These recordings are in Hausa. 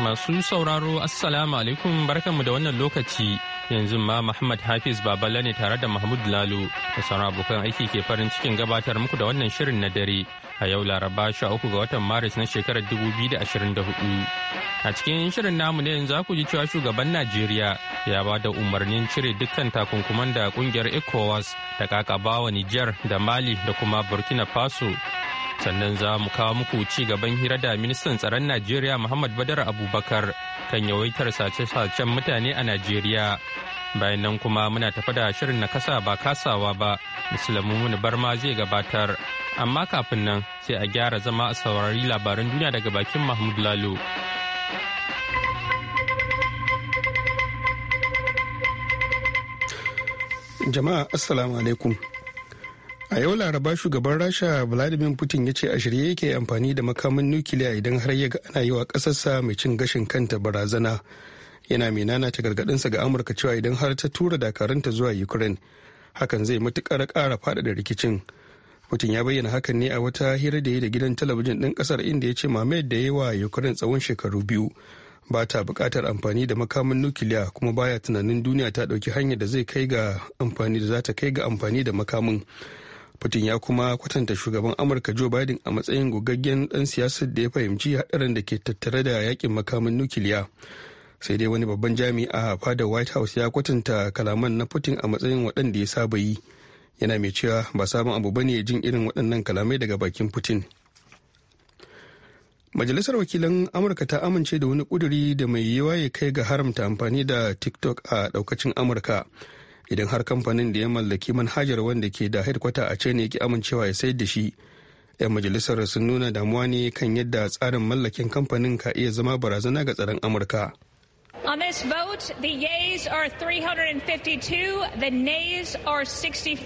Masu sauraro Assalamu alaikum barkanmu da wannan lokaci yanzu ma Muhammad Hafiz Baballa ne tare da Mahmud Lalo da sauran abokan aiki ke farin cikin gabatar muku da wannan shirin na dare a yau Laraba sha uku ga watan Maris na shekarar dubu biyu da ashirin hudu A cikin shirin namu ne yanzu ku ji cewa shugaban Najeriya ya ba da umarnin cire dukkan takunkuman da kungiyar ECOWAS da kakabawa Nijar da Mali da kuma Burkina Faso sannan za mu kawo muku ci gaban hira da ministan tsaron najeriya muhammad badar abubakar kan yawaitar sace-sacen mutane a najeriya bayan nan kuma muna tafa da shirin na kasa ba kasawa ba musulmin barma zai gabatar amma kafin nan sai a gyara zama a saurari labaran duniya daga bakin mahmud lalo jama'a assalamu alaikum a yau laraba shugaban rasha vladimir putin ya ce a shirye yake amfani da makamin nukiliya idan har ya ana yi wa ƙasarsa mai cin gashin kanta barazana yana mai ta gargaɗinsa ga amurka cewa idan har ta tura dakarunta zuwa ukraine hakan zai matuƙar ƙara faɗaɗa rikicin putin ya bayyana hakan ne a wata hira da ya da gidan talabijin ɗin ƙasar inda ya ce mamayar da ya wa ukraine tsawon shekaru biyu ba ta buƙatar amfani da makamin nukiliya kuma baya tunanin duniya ta ɗauki hanyar da zai kai ga amfani da za kai ga amfani da makamin Putin ya kuma kwatanta shugaban Amurka Joe Biden a matsayin gogaggen ɗan siyasar da ya fahimci haɗarin da ke tattare da yakin makamin nukiliya. Sai dai wani babban jami'i a fadar White House ya kwatanta kalaman na Putin a matsayin waɗanda ya saba yi. Yana mai cewa ba sabon abu bane jin irin waɗannan kalamai daga bakin Putin. Majalisar Wakilan Amurka ta amince da wani ƙuduri da mai yiwuwa ya kai ga haramta amfani da TikTok a ɗaukacin Amurka. idan har kamfanin da ya mallaki manhajar wanda ke da headquarter a ya yake amincewa ya sayar da shi yan majalisar sun nuna damuwa ne kan yadda tsarin mallakin kamfanin ka iya zama barazana ga tsaron amurka On this the yeas are 352, the nays are 65.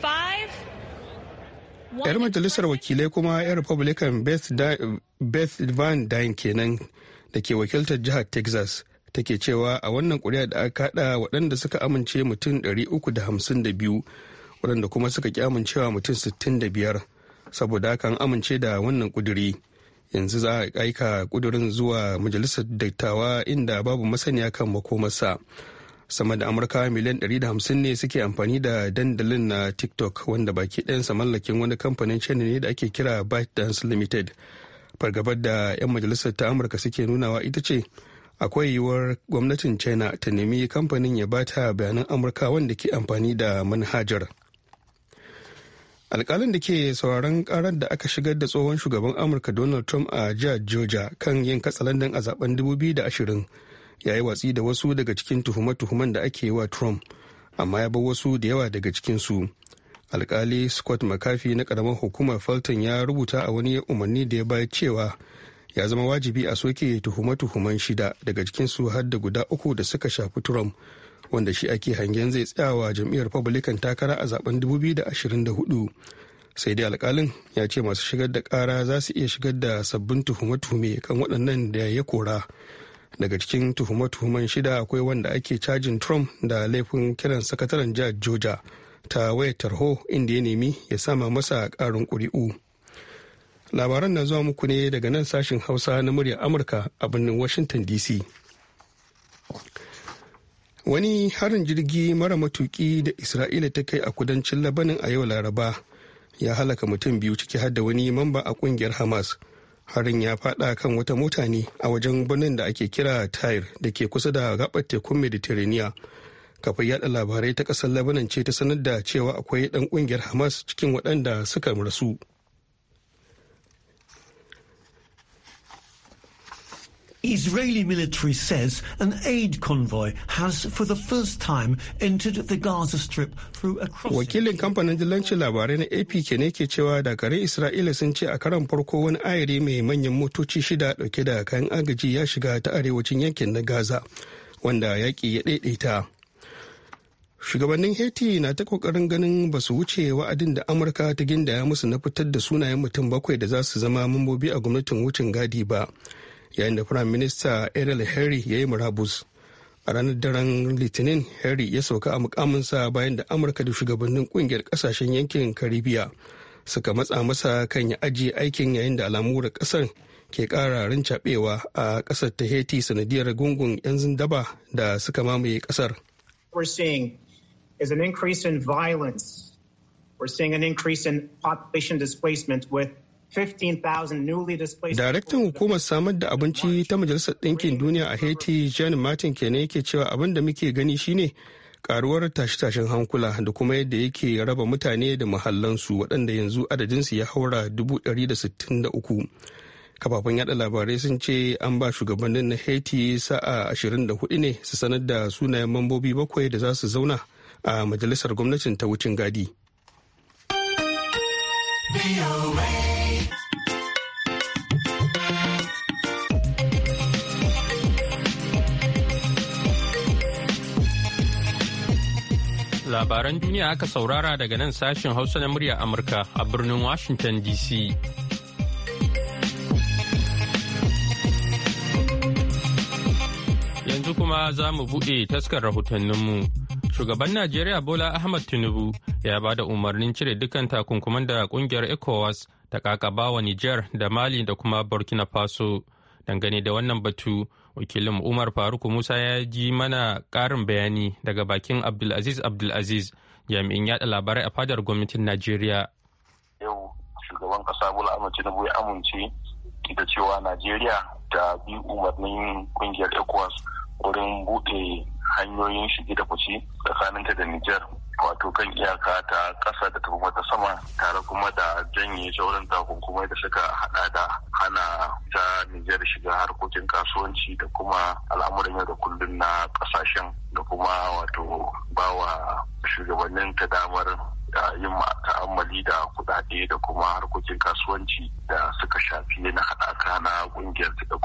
Yar majalisar wakilai kuma 'yan Republican Beth Van Dyne kenan da ke wakiltar jihar Texas. take cewa a wannan kuri'a da aka haɗa waɗanda suka amince mutum 352 waɗanda kuma suka ƙi amincewa mutum 65 saboda an amince da wannan kuduri yanzu za a aika kudurin zuwa majalisar dattawa inda babu masaniya kan makomarsa sama da amurka miliyan 150 ne suke amfani da dandalin na tiktok wanda baki ɗayansa mallakin wani kamfanin china ne da ake kira ByteDance limited fargabar da 'yan majalisar ta amurka suke nunawa ita ce akwai yiwuwar gwamnatin china ta nemi kamfanin ya ba ta bayanan amurka wanda ke amfani da manhajar alkalin da ke sauraron karar da aka shigar da tsohon shugaban amurka donald trump a jihar georgia kan yin katsalandan a zaben 2020 ya yi watsi da wasu daga cikin tuhume-tuhumen da ake wa trump amma ya bar wasu da yawa daga cikinsu alkali scott mccarthy na karamar hukumar falton ya rubuta a wani umarni da ya bayar cewa ya zama wajibi a soke tuhume-tuhumen shida daga cikinsu har da guda uku da suka shafi trump wanda shi ake hangen zai tsayawa jam'iyyar republican takara a zaben 2024 sai dai alkalin ya ce masu shigar da kara za su iya shigar da sabbin tuhume-tuhume kan waɗannan da ya kora daga cikin tuhume-tuhumen shida akwai wanda ake cajin trump da laifin kiran sakataren jihar georgia ta wayar tarho inda ya nemi ya sama masa ƙarin ƙuri'u. labaran na zuwa muku ne daga nan sashen hausa na murya amurka a birnin washington dc wani harin jirgi mara matuki da isra'ila ta kai a kudancin labanin a yau laraba ya halaka mutum biyu ciki har da wani mamba a kungiyar hamas harin ya fada kan wata mota ne a wajen birnin da ake kira tayir da ke kusa da gabar tekun mediterranean kafin yada labarai ta kasar labanan ce ta sanar da cewa akwai dan kungiyar hamas cikin waɗanda suka rasu Israeli military says an aid convoy has for the first time entered the Gaza Strip through a crossing. Wakilin kamfanin dillancin labarai na AP ke ne ke cewa dakarun Isra'ila sun ce a karan farko wani ayari mai manyan motoci shida dauke da kayan agaji ya shiga ta arewacin yankin na Gaza wanda yaƙi ya daidaita. Shugabannin Haiti na ta kokarin ganin ba su wuce wa'adin da Amurka ta gindaya musu na fitar da sunayen mutum bakwai da za su zama mambobi a gwamnatin wucin gadi ba. yayin da prime minister ariel henry ya yi murabus a ranar daren litinin henry ya sauka a mukaminsa bayan da amurka da shugabannin kungiyar kasashen yankin karibiya suka matsa masa kan ya ajiye aikin yayin da alamu da kasar ke kara rincaɓewa a kasar ta haiti sanadiyar gungun 'yan zindaba da suka mamaye kasar is an increase in violence. We're seeing an increase in population displacement with Daraktan hukumar samar da abinci ta Majalisar Ɗinkin Duniya a Haiti, Jean Martin kenan yake cewa abin da muke gani shine karuwar tashe-tashen hankula da kuma yadda yake raba mutane da mahallansu waɗanda yanzu adadinsu ya haura 163. Kafafen yada labarai sun ce an ba shugabannin na Haiti sa'a 24 ne su sanar da sunayen mambobi bakwai da za su zauna a majalisar gwamnatin ta wucin gadi. Labaran duniya aka saurara daga nan sashen Hausa na murya Amurka a birnin Washington DC. Yanzu kuma za mu buɗe taskar rahotanninmu. Shugaban Najeriya Bola Ahmad Tinubu ya ba da umarnin cire dukkan takunkuman da kungiyar ECOWAS ta kakaba wa Nijar da Mali da kuma Burkina Faso. Dangane da wannan batu, wakilin umar faruk musa ya ji mana karin bayani daga bakin abdulaziz abdulaziz jami'in yada labarai a fadar gwamnatin najeriya yau shugaban kasa bula amince ya amince da cewa najeriya ta bi umarnin kungiyar ecowas wurin bude hanyoyin shige da fice tsakaninta da niger wato kan iyaka ta ƙasa da kuma ta sama tare kuma da janye sauran takunkumai da suka hada da hana ta Nijar shiga harkokin kasuwanci da kuma al'amuran yau da kullum na ƙasashen da kuma wato bawa shugabannin ta damar yin ta'ammali da kudade da kuma harkokin kasuwanci da suka shafi na haɗaka na ƙungiyar ta da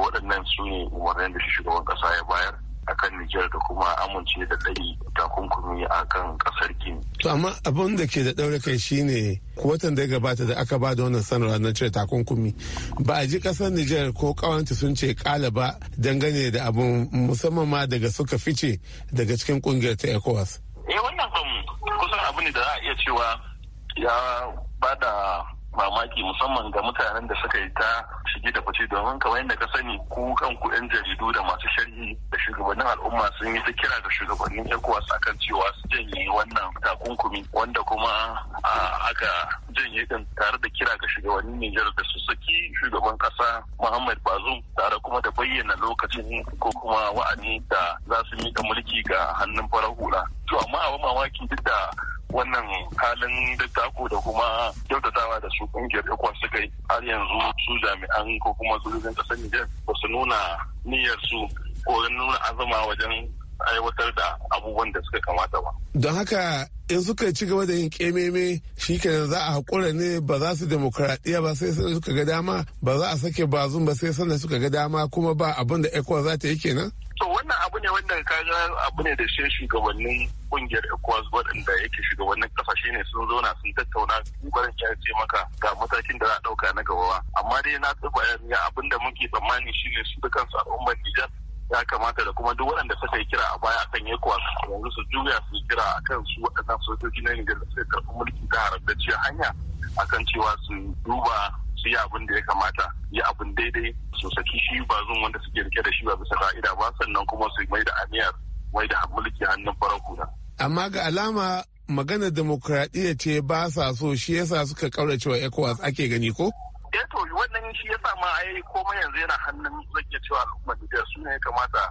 waɗannan su ne umarnin da shugaban ƙasa ya bayar akan Nijar da kuma amince da ɗari takunkumi a kan ƙasar Gini. To amma abin da ke da ɗaure kai shi ne watan da ya gabata da aka ba da wannan sanarwa na cire takunkumi ba a ji ƙasar Nijar ko ƙawanta sun ce ƙalaba dangane da abin musamman ma daga suka fice daga cikin ƙungiyar ta ECOWAS. Eh wannan kusan abu ne da za a iya cewa ya bada mamaki musamman ga mutanen da suka yi ta shige da fice domin kamar yadda ka sani ku kanku yan jaridu da masu sharhi da shugabannin al'umma sun yi ta kira da shugabannin ecowas akan cewa su janye wannan takunkumi wanda kuma aka janye din tare da kira ga shugabannin niger da su saki shugaban kasa Muhammad bazum tare kuma da bayyana lokacin ko kuma wa'ani da za su miƙa mulki ga hannun farar hula to amma a mamaki duk da wannan halin dattako da kuma kyautatawa da su kungiyar ikon suka yi har yanzu su jami'an ko kuma sojojin kasar Nijar ba su nuna niyyar su ko nuna azama wajen aiwatar da abubuwan da suka kamata ba. Don haka in suka ci gaba da yin kememe shi kenan za a haƙura ne ba za su demokuraɗiyya ba sai sanda suka ga dama ba za a sake bazun ba sai sanda suka ga dama kuma ba abin da ecuador za ta yi kenan? to wannan abu ne wanda kaga abu ne da shi shugabannin kungiyar ECOWAS waɗanda yake shugabannin kasashe ne sun zauna sun tattauna barin ya ce maka ga matakin da za a ɗauka na gaba amma dai na tsufa ya abin da muke tsammani ne su su al'ummar Nijar ya kamata da kuma duk waɗanda suka yi kira a baya akan ECOWAS yanzu su juya su kira kan su waɗannan sojoji na Nijar da suka karɓi mulki ta haramtacciyar hanya akan cewa su duba su yi abin da ya kamata yi abin daidai su saki shi ba zun wanda suke rike da shi ba bisa ka'ida ba sannan kuma su mai da aniyar mai da mulki hannun farar kuna. amma ga alama magana demokradiyya ce ba sa so shi yasa suka kaura cewa ECOWAS ake gani ko? eto eh wannan shi yasa ma yi komai yanzu yana hannun zake cewa al'umma Nijar su ne ya kamata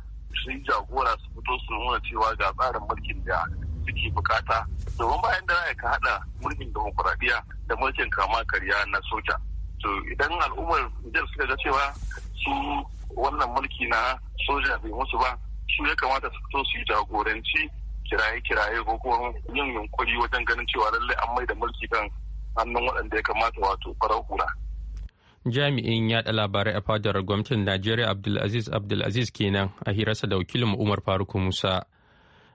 su yi jagora su fito su nuna cewa ga tsarin mulkin da suke bukata domin bayan da ka haɗa mulkin demokradiyya da mulkin kama karya na soja. to idan al'ummar jihar suka ga cewa su wannan mulki na soja bai musu ba su ya kamata su fito su yi jagoranci kiraye-kiraye ko kuma yin yunkuri wajen ganin cewa lallai an mai da mulki kan hannun waɗanda ya kamata wato farar hura. Jami'in yaɗa labarai a fadar gwamnatin Najeriya Abdulaziz Abdulaziz kenan a hirarsa da wakilin Umar Faruk Musa.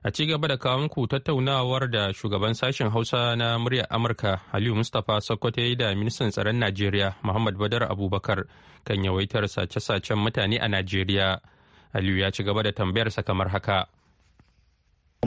a ci gaba da kawon ku tattaunawar da shugaban sashen hausa na muryar amurka aliyu mustapha sokoto ya yi da ministan tsaron najeriya muhammad badar abubakar kan yawaitar sace-sacen mutane a najeriya aliyu ya ci gaba da tambayarsa kamar haka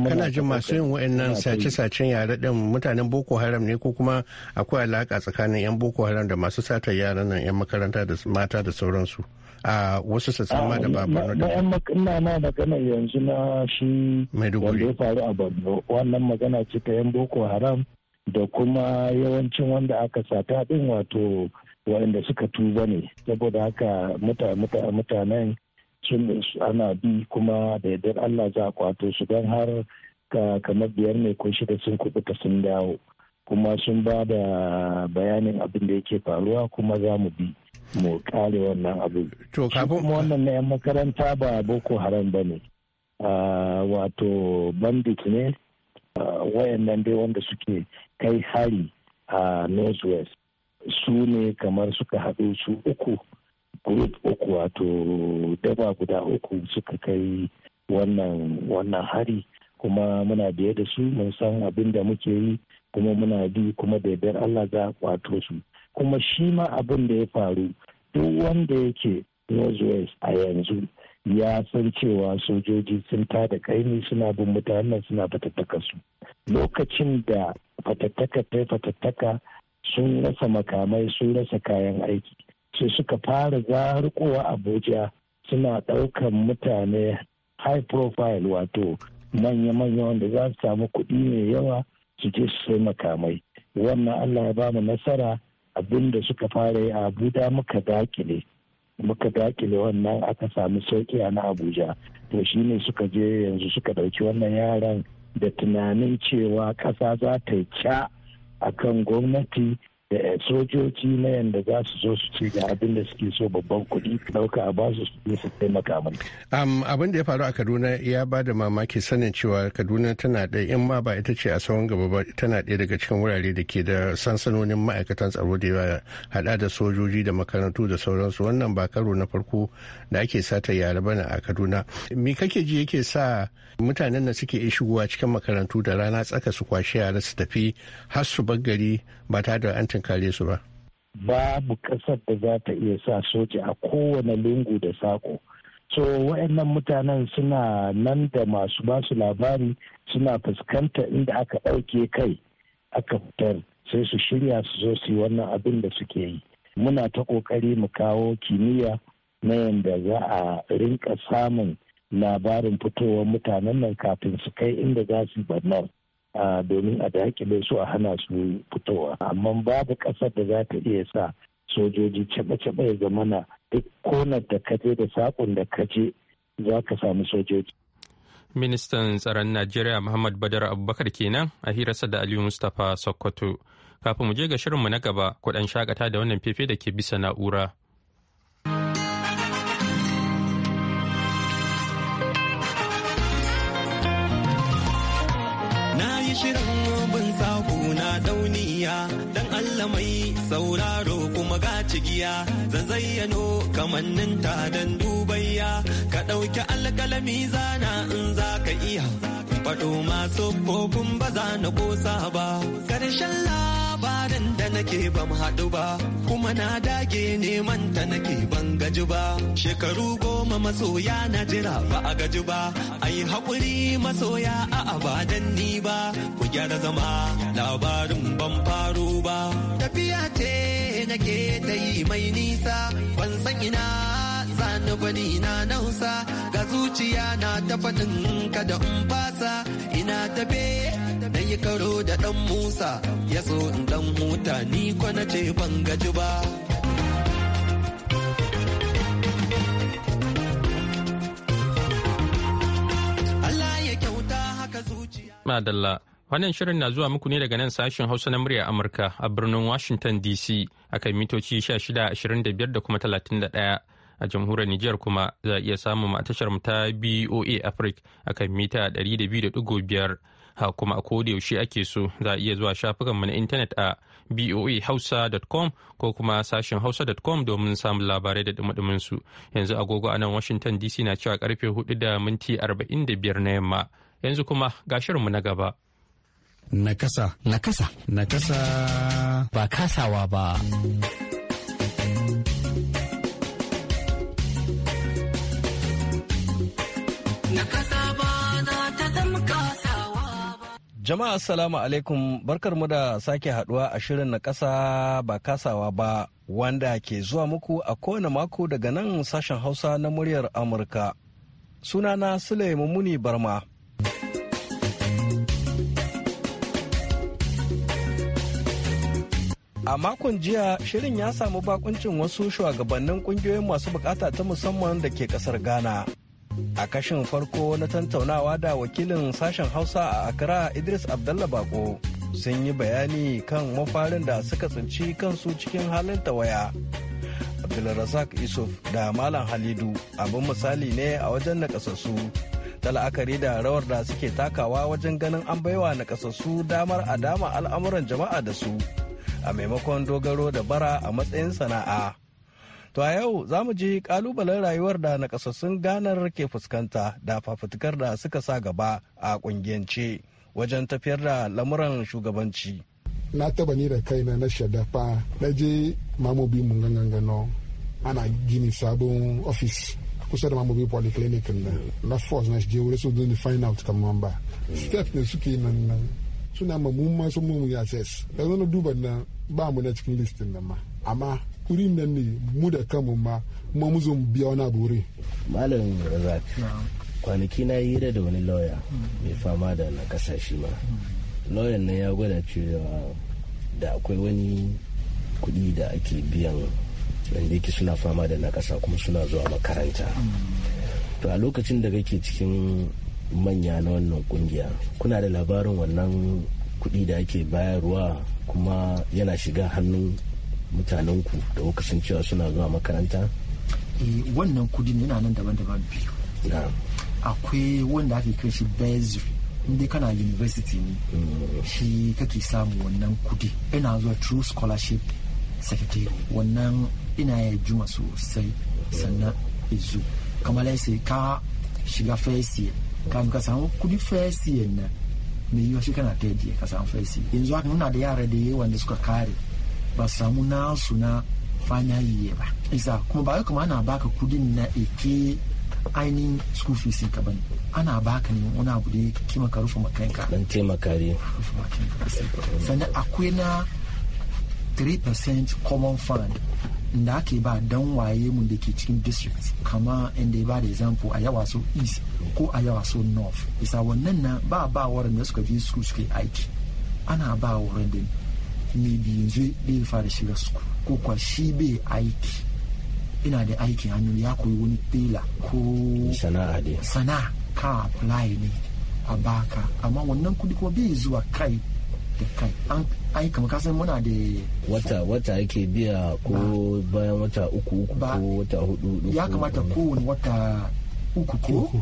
kana jin masu yin wa'annan sace-sacen yare din mutanen boko haram ne ko kuma akwai alaka tsakanin yan boko haram da masu sata yaran nan yan makaranta da mata da sauransu a wasu sassan ma da ah, na da ina na magana yanzu na shi wanda ya faru a borno wannan magana ce ta yan boko haram da kuma yawancin wanda aka sata din wato waɗanda suka tuba ne saboda haka mutanen cin su ana bi kuma da yardar Allah za a kwato su don har kamar biyar ne ko shida sun kubuta sun dawo kuma sun ba da bayanin abin da yake faruwa kuma za mu bi mu kare wannan abin. To kafin kuma wannan na 'yan makaranta ba Boko Haram ba ne. Wato bandit ne wayannan dai wanda suke kai hari a Northwest su ne kamar suka haɗu su uku group uku wato daba guda uku suka kai wannan wannan hari kuma muna biye da su mun san abin da muke yi kuma muna bi kuma da yadda Allah za a kwato su kuma shi ma abin da ya faru duk wanda yake northwest a yanzu ya san cewa sojoji sun ta da kaini suna bin mutanen suna fatattaka su lokacin da fatattaka ta fatattaka sun rasa makamai sun rasa kayan aiki sai suka fara zarukowa abuja suna ɗaukan mutane high profile wato manya-manya wanda za su samu kuɗi mai yawa su je su sai makamai wannan allah ya bamu nasara abinda suka fara yi a abuja muka dakile muka dakile wannan aka samu sauki a na abuja to shine suka je yanzu suka ɗauki wannan yaran da tunanin cewa ƙasa za ta ca a kan gwamnati Eh, sojoji na yadda za su zo su ci ga abin da suke so babban kuɗi ɗauka a basu su su taimaka mana. abin da ya faru a kaduna ya ba da mamaki sanin cewa kaduna tana ɗaya in ma ba ita ce a tsawon gaba ba tana ɗaya daga cikin wurare da ke da sansanonin ma'aikatan tsaro da yawa haɗa da sojoji da makarantu da sauransu wannan ba karo na farko da ake sata yara bana a kaduna me kake ji yake sa mutanen da suke shigowa cikin makarantu da rana tsaka su kwashe yara su tafi har su bar gari ba tare da an gwamnatin kare su ba babu ƙasar da za ta iya sa soja a kowane lungu da sako so waɗannan mutanen suna nan da masu basu labari suna fuskanta inda aka ɗauke kai aka fitar sai su shirya su zo su yi wannan abin da suke yi muna ta ƙoƙari mu kawo kimiyya na yadda za a rinka samun labarin fitowar mutanen nan kafin su kai inda za su barnar domin a dakile su a hana su fitowa amma babu ƙasar da za ta iya sa sojoji caɓe-caɓe ya zamana duk konar da kaje da saƙon da kaje za ka samu sojoji. Ministan tsaron Najeriya Muhammad Badar Abubakar kenan a hirarsa da Aliyu Mustapha Sokoto. Kafin mu je ga shirinmu na gaba, kuɗan shakata da wannan fefe da ke bisa na'ura. shirin bin saku na dauniya dan Allah mai sauraro kuma ga cigiya zan zayyano kamannin ta dan dubayya ka ɗauki alkalami zana in za ka iya faɗo masu kofin ba za na ƙosa ba ƙarshen la labarin da nake ban haɗu ba kuma na dage neman ta nake ban gaji ba shekaru goma masoya na jira ba a gaji ba ai haƙuri masoya a abadan ni ba ku gyara zama labarin ban faru ba tafiya ce nake ta yi mai nisa ban san ina sani bani na nausa ga zuciya na ta faɗin kada in fasa ina tafe na yi karo da ɗan musa ya so in ɗan huta ni kwana ce ban gaji ba ya kyauta Madalla, wannan shirin na zuwa muku ne daga nan sashen Hausa na murya Amurka a birnin Washington DC a kan mitoci 1625 da kuma 31 a jamhuriyar Nijar kuma za a iya samun tashar mu ta BOA Africa akan mita 200.5 kuma a koda yaushe ake so za a iya zuwa shafukanmu na intanet a boehausa.com ko kuma sashen hausa.com domin samun labarai da dumudumin su yanzu agogo a nan washington dc na cewa karfe 4 da minti 45 na yamma yanzu kuma ga shirinmu na gaba nakasa nakasa nakasa ba kasawa ba Jama'a assalamu alaikum barkar mu da sake haduwa a shirin na kasa ba kasawa ba wanda ke zuwa muku a kowane mako daga nan sashen Hausa na muryar Amurka. Sunana Sule Muni Barma. a makon jiya shirin ya samu bakuncin wasu shugabannin kungiyoyin masu bukata ta musamman da ke kasar ghana a kashin farko na tantaunawa da wakilin sashen hausa a accra idris abdalla bako sun yi bayani kan mafarin da suka tsinci kansu cikin halin tawaya abdulrazak isuf da malam halidu abin misali ne a wajen nakasassu ta la'akari da rawar da suke takawa wajen ganin an baiwa nakasassu damar a dama al'amuran jama'a da su a maimakon dogaro da bara a matsayin sana'a To a yau za mu ji kalubalen rayuwar da nakasassun ganar ke fuskanta da fafutukar da suka sa gaba a kungiyance wajen tafiyar da lamuran shugabanci. Na taba ni da kaina na shadafa na je mamobi mun gangano ana gini sabon ofis kusa da mamobi polyclinic na na force na je wuri su don find out kamar ba. Step da suke nan suna ma sun mummu ya ses. Da zana duba na ba mu na cikin listin nan ma. Amma wurin nan ne mu da kanmu ma kuma mu zo biya wani abu malam razak kwanaki na yi hira da wani lauya mai fama da na kasashe ma lauyan na ya gwada cewa da akwai wani kuɗi da ake biyan wanda yake suna fama da nakasa kuma suna zuwa makaranta to a lokacin da kake cikin manya na wannan kungiya kuna da labarin wannan kuɗi da ake bayarwa kuma yana shiga hannun mutanenku da kuka san cewa suna zuwa makaranta eh, wannan kudin yana nan daban-daban biyu akwai wanda ake kira shi bursary inda kana university ne mm. shi kake samu wannan kudi ina zuwa true scholarship secretary wannan ina ya juma sosai sannan izu kamar sai ka shiga first year ka ka samu kudi first year na mai yiwa shi kana third year ka samu first year yanzu haka muna da yara da yawan wanda suka kare ba samu nasu na final ba isa kuma ba kuma ana baka kudin na eke ainihin school fees ka bane ana baka ne wani abu da kima ka rufe makanka dan taimaka ne sannan akwai na 3% common fund da ake ba dan waye mu da ke cikin district kama inda ya ba da example a yawa so east ko a yawa so north isa wannan na ba ba wurin da suka fi su suke aiki ana ba wurin da maybe yanzu bai fara shiga suku ko kwa shi bai aiki ina da aiki hannu ya koyi wani tela ko sana'a dai sana'a ka apply ne a baka amma wannan kudi kuma bai zuwa kai da kai an ai kamar kasan muna da wata wata yake biya ko bayan wata uku uku ko wata hudu ya kamata kowane wata uku ko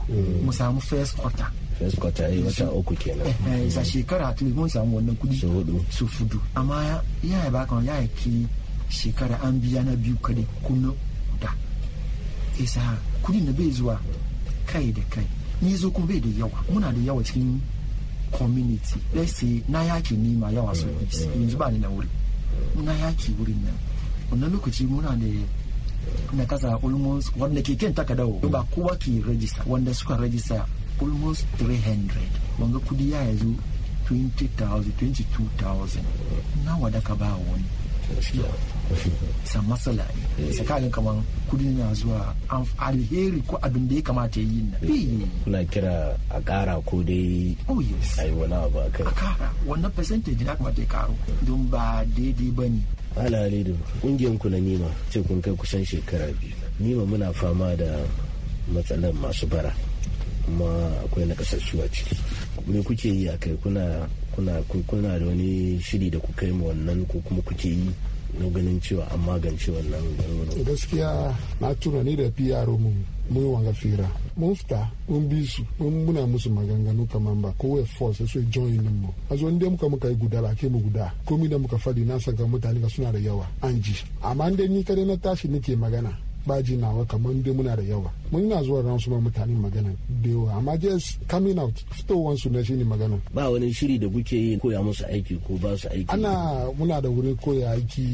mu samu first quarter first quarter yi wata uku kenan eh, eh, sa shekara at least mun samu wannan kudi su hudu su fudu amma ya ya baka ya ke shekara an biya na biyu kadai kuma eh, da isa kudi na bai zuwa kai da kai ni zo kuma bai da yawa muna da yawa cikin community let's say na yaki ma yawa mm, so mm, mm. yanzu ba ni na wuri na yaki wurin nan wannan lokaci muna da na kasa almost wanda ke kyan ba kowa ke rajista wanda suka rajista almost 300 wanga kudi ya yazo 20,000 22,000 na wada ka ba wani san matsala ne eh. tsakanin kamar kudin na zuwa alheri ko abin da ya kamata yi na eh. Eh. kuna kira a kara ko dai oh yes ai wani abu a kara wannan percentage na kamata ya karo don ba daidai ba ne ala halidu kungiyan ku na nima ce kun kai kusan shekara biyu nima muna fama da matsalar masu bara kuma akwai nakasassu a ciki me kuke yi a kai kuna kuna da wani shiri da kuka yi ma wannan ko kuma kuke yi na ganin cewa an magance wannan eh, gaskiya na tura ni da piyaro mu mun yi wanga fira mun fita mun bi su mun muna musu maganganu kaman ba kowa force su join din mu a zuwa inda muka muka yi guda ba ke mu guda komi da muka fadi na ga mutane ga suna da yawa an ji amma inda ni kadai na tashi nake magana baji nawa kamar dai muna da yawa mun na zuwa ran su mutane magana da yawa amma just coming out fitowar su na shine magana ba wani shiri da kuke yi koya musu aiki ko ba su aiki ana muna da wurin koya aiki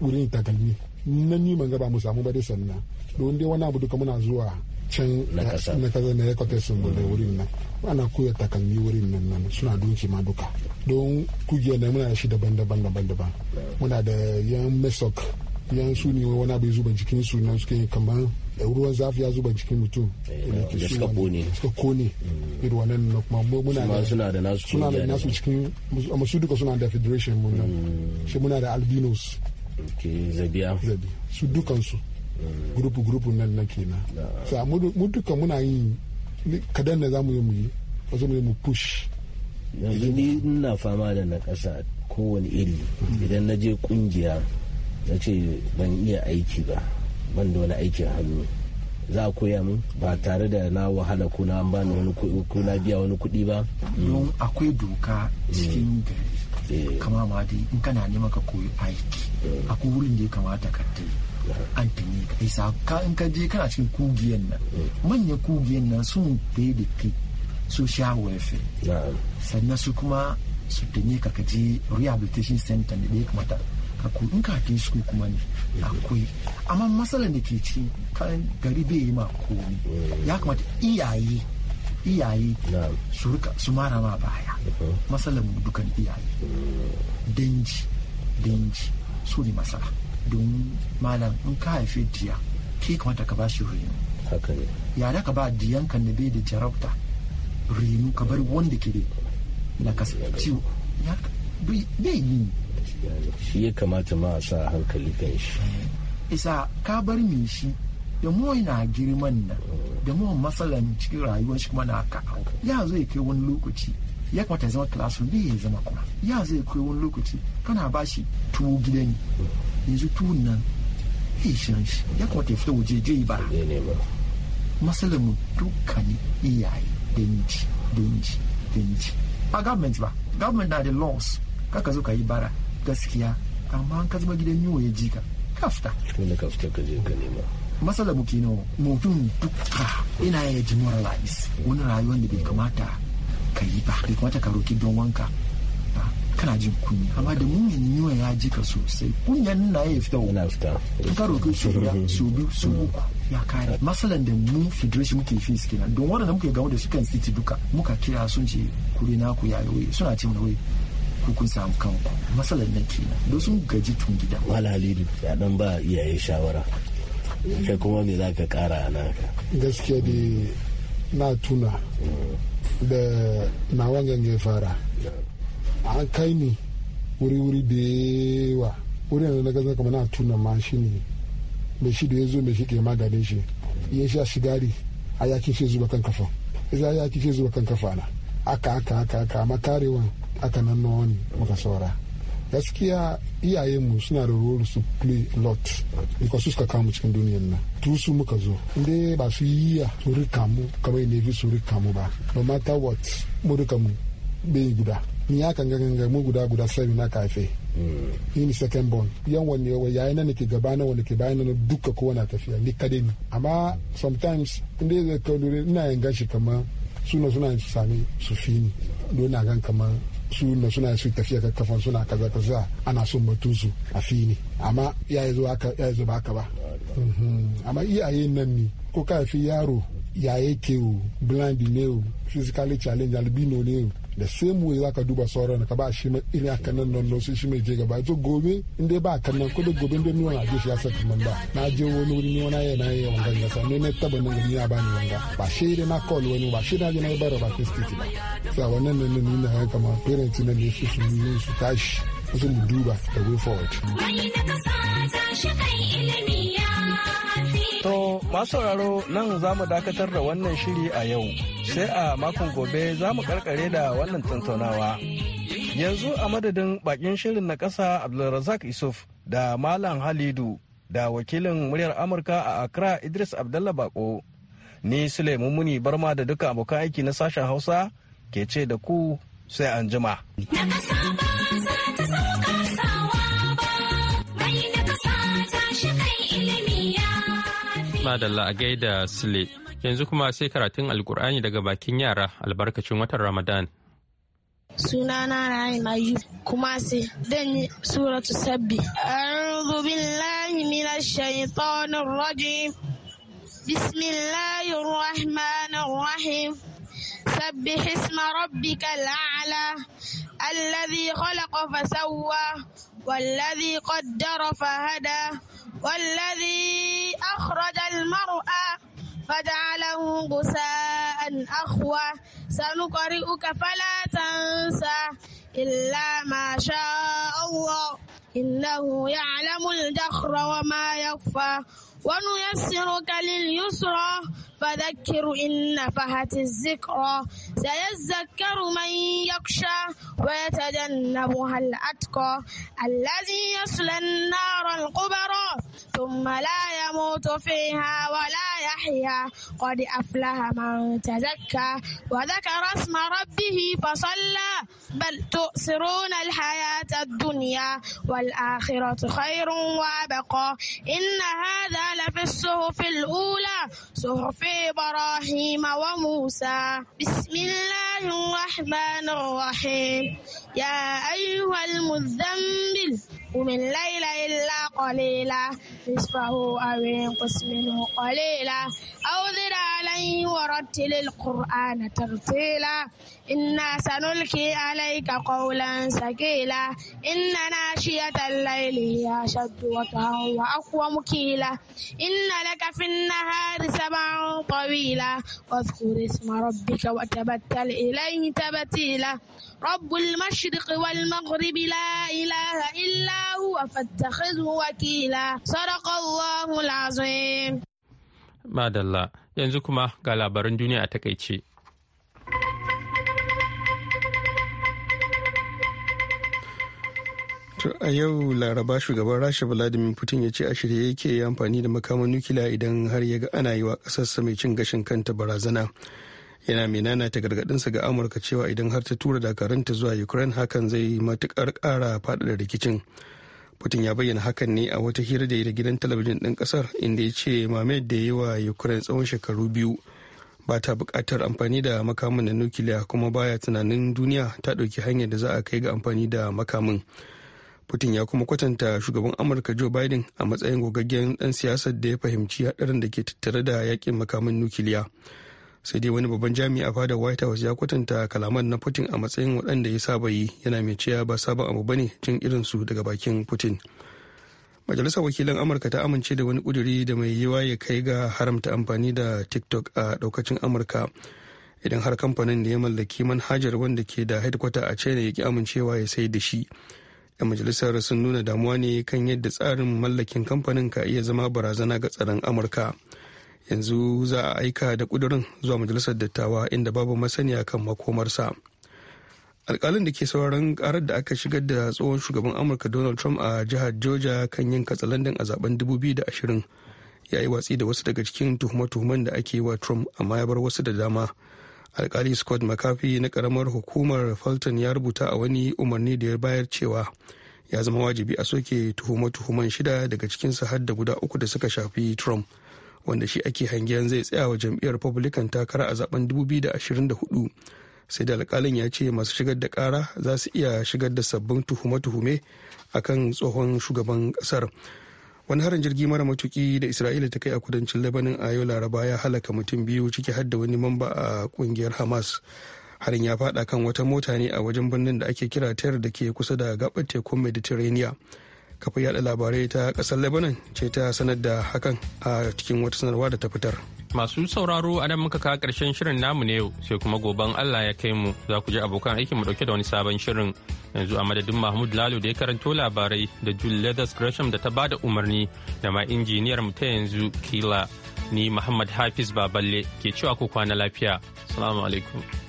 wurin takalmi na ni man gaba mu samu ba sanna don dai wani abu duka muna zuwa can na kasa na yakwata sun da wurin nan ana koya takalmi wurin nan nan suna dunki ma duka don kugiyar na muna da shi daban-daban daban-daban muna da yan mesok yan su ne wani abu zuba jikin su nan suke kamar eh, ruwan zafi ya zuba jikin mutum eh, da suka kone suka kone mm. irin na kuma muna da suna da nasu suna da nasu cikin su duka suna da federation mun nan mm. shi muna da albinos ke zabiya su dukansu mm. gurupu gurupu nan na kenan sa mu duka muna yi kadan da zamu yi mu yi ba mu yi mu push yanzu ni ina fama da na ƙasa kowane iri idan na je kungiya ya ce ban iya aiki ba ban da wani aikin hannu za a koya mun ba tare da na wahala ko na bani wani ko na biya wani kuɗi ba. don akwai doka cikin mm. gari eh. kama ma dai in kana neman ka koyi aiki eh. akwai wurin da ya kamata ka tai eh. an tuni ka isa ka in ka je kana cikin kugiyan nan manya kugiyan nan sun bai da kai su sha welfare sannan su kuma su tuni ka ka je rehabilitation center da ya kamata akwai in kafin su kuma ne akwai amma matsalar da ke cikin kayan gari bai yi ma komi ya kamata iyaye iyaye su mara ma baya matsalar mu dukan iyaye danji danji su ne masala don malam in ka haife diya ke kamata ka ba shi reno ya da ka ba diyan kan da bai da jarabta reno ka bar wanda ke da na kasa ciwo bai yi shi ya kamata ma a sa hankali kan shi isa ka bar min shi da mu na girman nan da mu matsalan cikin rayuwar shi kuma na ka ya zai kai wani lokaci ya kamata ya zama classroom ne ya zama kuma ya zai kai wani lokaci kana ba shi tuwo gida ne yanzu tuwo nan ya shan shi ya kamata ya fita waje je ba matsalan mu dukkanin iyaye da niji denji a government ba government na da laws kaka zo ka yi bara gaskiya amma an ka gidan yiwo ya ji ka kafta wani kafta ka je ka nema masala mu kino mutum duka ina ya ji moralize wani rayuwar da bai kamata ka yi ba bai kamata ka roki don wanka kana jin kunya amma da yin yiwa ya ji ka sosai kunyan na ya fita wani fita ka roki su biya su biyu su uku ya kare masalan da mu federation muke fi kenan don waɗanda muke gamu da su kan city duka muka kira sun ce kuri naku ya yi suna ce mana wai ku kun samu kan matsalar nan kenan don sun gaji tun gida malalidu ya dan ba iyaye shawara kai kuma me za ka kara a naka gaskiya da na tuna da na wangan ya fara an kai ni wuri-wuri da yawa wuri na na gaza kamar na tuna ma shi ne mai shi da ya zo mai shi ke maganin shi ya sha shigari a yakin shi zuba kan kafa iza yakin shi zuba kan kafa na aka aka aka aka makarewa aka nan nawa ne muka saura gaskiya mu suna da role su play lot because su suka kamu cikin duniyar nan tu su muka zo inda ba su yi ya su rika mu kamar ne su rika mu ba no matter what mu rika mu bai guda ni ya kan ganga mu guda guda sai na kafe ni ni second born yan wani wa yayi nan ke gaba na wani ke bayan nan duka ko na tafiya ni kade ni amma sometimes inda zai kawo ina yin shi kamar suna suna sami su fi don na gan kamar su da suna su tafiya kakkafan suna kaza kaza ana son batun su a fini amma ya zo ya ba ba mhm. amma iyaye nan ne ko ka yaro ya yake o blind ne o physically challenge albino ne o da same za ka duba sauran ka ba shi ma ina kannan nan losu shi mai je gaba to gobe in dai ba kannan ko da gobe in dai ni wani ajiye shi ya sa kaman ba na je wani wuri ni wani yana yi wanga ya sa ne na taba nan ni ya ba ni wanga ba shi da na call wani ba shi da je na bara ba ke state ba sa wannan nan ne ni na kama parent na ne su su ne su tashi su mu duba da way forward. Wani na kasa ta shi kai ilimi ya To masu sauraro nan za mu dakatar da wannan shiri a yau sai a makon gobe za mu karkare da wannan tattaunawa. Yanzu a madadin bakin shirin na ƙasa Abdulrazak Isuf da Malam Halidu da wakilin muryar Amurka a Accra Idris Abdallah Bako. Ni Suleiman Muni Barma da duka abokan aiki na sashen Hausa ke ce da ku sai an jima. ba za ta sauka. Madalla a gaida Sule. Yanzu kuma sai karatun Alkur'ani daga bakin yara albarkacin watan Ramadan. Sunana na Rahim Ayu kuma sai dan yi suratu sabbi. A'udhu billahi minash rajim. Bismillahir rahim. سبح اسم ربك الأعلى الذي خلق فسوى والذي قدر فهدى والذي أخرج المرء فجعله غساء أخوى سنقرئك فلا تنسى إلا ما شاء الله إنه يعلم الجهر وما يخفى ونيسرك لليسرى فذكر إن نفحت الذكرى سيذكر من يخشى ويتجنبها الأتقى الذي يصلى النار الكبرى ثم لا يموت فيها ولا يحيا قد أفلح من تزكى وذكر اسم ربه فصلى بل تؤثرون الحياة الدنيا والآخرة خير وأبقى إن هذا تعالى في الصحف الأولى صحف إبراهيم وموسى بسم الله الرحمن الرحيم يا أيها المذنب قم الليل إلا قليلا نصفه أو ينقص منه قليلا أو زد عليه ورتل القرآن ترتيلا إنا سنلقي عليك قولا ثقيلا إن ناشية الليل هي أشد وطئا وأقوم مكيلا إن لك في النهار سبعا طويلا واذكر اسم ربك وتبتل إليه تبتيلا رب المشرق والمغرب لا إله إلا هو فاتخذه وكيلا صدق الله العظيم madalla yanzu kuma ga برن duniya a takaice. a yau laraba shugaban rasha vladimir putin ya ce a shirye yake amfani da makaman nukila idan har ya ga ana yi wa ƙasarsa mai cin gashin kanta barazana yana mai nanata gargadinsa ga amurka cewa idan har ta tura dakaranta zuwa ukraine hakan zai matukar kara faɗaɗa rikicin putin ya bayyana hakan ne a wata hira da yi da gidan talabijin ɗin ƙasar inda ya ce mamayar da yi wa ukraine tsawon shekaru biyu ba ta buƙatar amfani da makamin na nukiliya kuma baya tunanin duniya ta ɗauki hanyar da za a kai ga amfani da makamin putin ya kuma kwatanta shugaban amurka joe biden a matsayin gogaggen dan siyasar da ya fahimci haɗarin da ke tattare da yakin makamin nukiliya sai dai wani babban jami'i a fadar white house ya kwatanta kalaman na putin a matsayin waɗanda ya saba yi yana mai cewa ba sabon abu bane jin irinsu daga bakin putin majalisar wakilan amurka ta amince da wani kuduri da mai yiwa ya kai ga haramta amfani da tiktok a daukacin amurka idan har kamfanin da ya mallaki manhajar wanda ke da headquarter a china ya ki amincewa ya sai da shi yan majalisar sun nuna damuwa ne kan yadda tsarin mallakin kamfanin ka iya zama barazana ga tsaron amurka yanzu za a aika da kudurin zuwa majalisar dattawa inda babu masaniya kan makomarsa alkalin da ke sauran karar da aka shigar da tsohon shugaban amurka donald trump a jihar georgia kan yin katsalandan a zaben 2020 ya yi watsi da wasu daga cikin tuhume-tuhumen da ake yi wa trump amma ya bar wasu da dama alkali scott mccarthy na karamar hukumar fulton ya rubuta a wani umarni da ya bayar cewa ya zama wajibi a soke tuhume-tuhumen shida daga cikinsu har da guda uku da suka shafi trump wanda shi ake hangen zai tsaya wa jam'iyyar republican takara a zaben 2024 sai da alkalin ya ce masu shigar da kara za su iya shigar da sabbin tuhume-tuhume a kan tsohon shugaban kasar wani harin jirgi mara matuki da isra'ila ta kai a kudancin labanin a yau laraba ya halaka mutum biyu ciki har da wani mamba a kungiyar hamas harin ya fada kan wata mota ne a wajen birnin da ake kira tayar da ke kusa da gabar tekun mediterranean kafa yada labarai ta kasar lebanon ce ta sanar da hakan a cikin wata sanarwa da ta fitar masu sauraro a nan muka kawo karshen shirin namu ne yau sai kuma goben allah ya kai mu za ku ji abokan aikin mu dauke da wani sabon shirin yanzu a madadin mahmud lalo da ya karanto labarai da jul leathers gresham da ta bada umarni da ma injiniyar mu ta yanzu kila ni muhammad hafiz baballe ke cewa ku kwana lafiya salamu alaikum